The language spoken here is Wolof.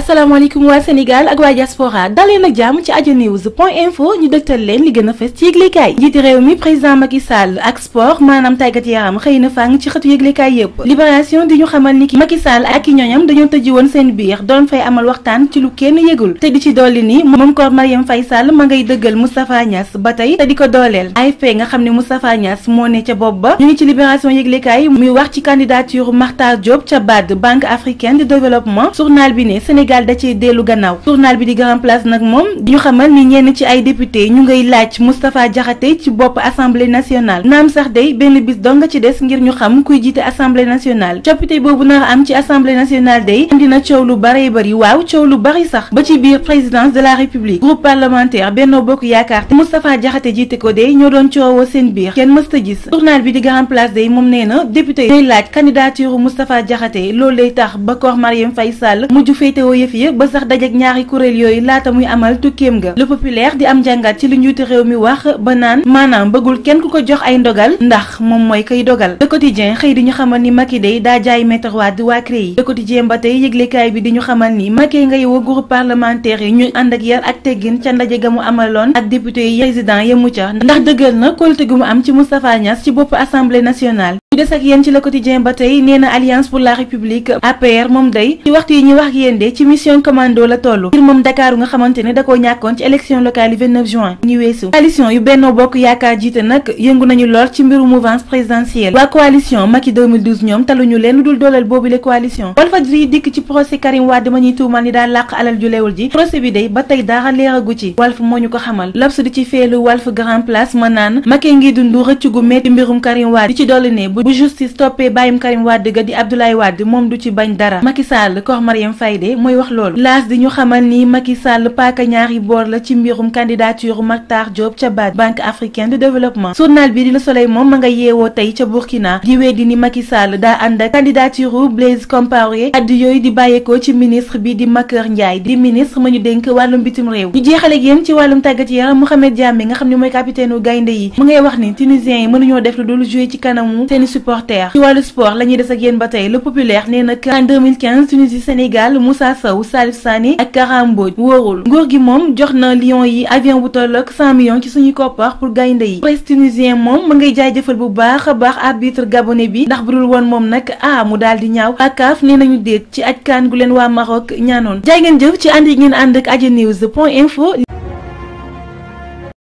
asalaamaaleykum waa Sénégal ak waa diaspora daleen na jàmm ci Aja News point info ñu dëgtal leen li gën a fës ci yëglekaay njiiti réew mi président Macky Sall ak sport maanaam tàggat yaram xëy na fàng ci xëtu yëglekaay yëpp libération di ñu xamal ni ki Macky Sall ak i ñoñam dañoo tëji woon seen biir doon fay amal waxtaan ci lu kenn yëgul te di ci dolli ni moom koor Mariam Faye Sall ma ngay dëggal Moustapha Niass ba tey te di ko dooleel AFP nga xam ne Moustapha Niass moo ne ca bopp ba ñu ngi ci libération yëglekaay muy wax ci candidature Makhtar Diop ca BAD banque africaine de développement journal bi ne Sénégal da ciy dellu gannaaw journal bi di grand place nag moom ñu xamal ni ñenn ci ay député ñu ngay laaj Moustapha Diakhaté ci bopp assemblée nationale naam sax day benn bis dong nga ci des ngir ñu xam kuy jiite assemblée nationale coppite boobu nar am ci assemblée nationale day indi na coow lu baree bari waaw coow lu bari sax ba ci biir présidence de la république groupe parlementaire Benno Bokk Yaakaar te Moustapha Diakhaté jiite ko day ñoo doon coowoo seen biir kenn mësta gis journal bi di grand place day moom nee na député day laaj candidature Moustapha Diakhaté loolu yeewoo yëf ya ba sax dajeek ñaari kuréel yooyu laata muy amal tukkeem ga le populaire di am jàngat ci lu njiitu réew mi wax ba naan maanaam bëggul kenn ku ko jox ay ndogal ndax moom mooy koy dogal le quotidien xëy di ñu xamal ni Macky day daa jaay Maître Wade waa CREI le quotidien ba tey yëglekaay bi di ñu xamal ni Macky nga yeewoo groupe parlementaire yi ñu ànd ak yar ak teggin ca ndaje ga mu amaloon ak député yi président yemu ca ndax dëggal na kóolute gu mu am ci Moustapha Niass ci bopp assemblée nationale ñu des ak ci le quotidien ba tey nee alliance pour la république APR moom day ci waxtu yi ñuy wax yéen de ci mission commando la toll ngir moom Dakar nga xamante ne da koo ñàkkoon ci élection locale juin ñu weesu coalition yu Benno Bokk Yaakaar jiite nag yëngu nañu lool ci mbiru mouvance présidentielle waa coalition Macky 2012 ñoom taluñu leen dul dooleel boobule coalition Walfadjri dikk ci procès Karim Wade ma ñuy tuumal ni daal làq alal ju leewul bu justice toppee bàyyim Karim Wade ga di Abdoulaye Wade moom du ci bañ dara Macky Sall Kor Mariam Faydé mooy wax loolu laas di ñu xamal ni Macky Sall paaka ñaari boor la ci mbirum candidature Mactar Diop ca BAD Banque africaine de développement journal bi di Le Soleil moom ma nga yeewoo tey ca Burkina di weddi ni Macky Sall daa ànd ak candidature Blaise Compaoré addu yooyu di bàyyeekoo ci ministre bi di Makhtar Ndiaye di ministre ma ñu dénk wàllum bitim réew ñu jeexale ak yéen ci wàllum tàggat yaram Mouhamed Diame nga xam ne mooy capitaine u gaynde yi mu ngay wax ni tunisien yi mënuñoo def lu dul supporters ci wàllu sport la ñuy des ak yéen ba tey le populaire nee na CAN 2015 Tunisie Sénégal Moussa Sow Salif Sané ak Kara Mbodj wóorul nguur gi moom jox na Lions yi avion bu toll ak 100 ci suñu koppar pour gaynde yi presse tunisien moom ma ngay jëfal bu baax a baax arbitre gabonais bi ndax bu dul woon moom nag ah mu daal di ñaaw akaaf nee nañu déet ci aj kaan gu leen waa Maroc ñaanoon jaay ngeen jëf ci ànd yi ngeen ànd ak aja news point info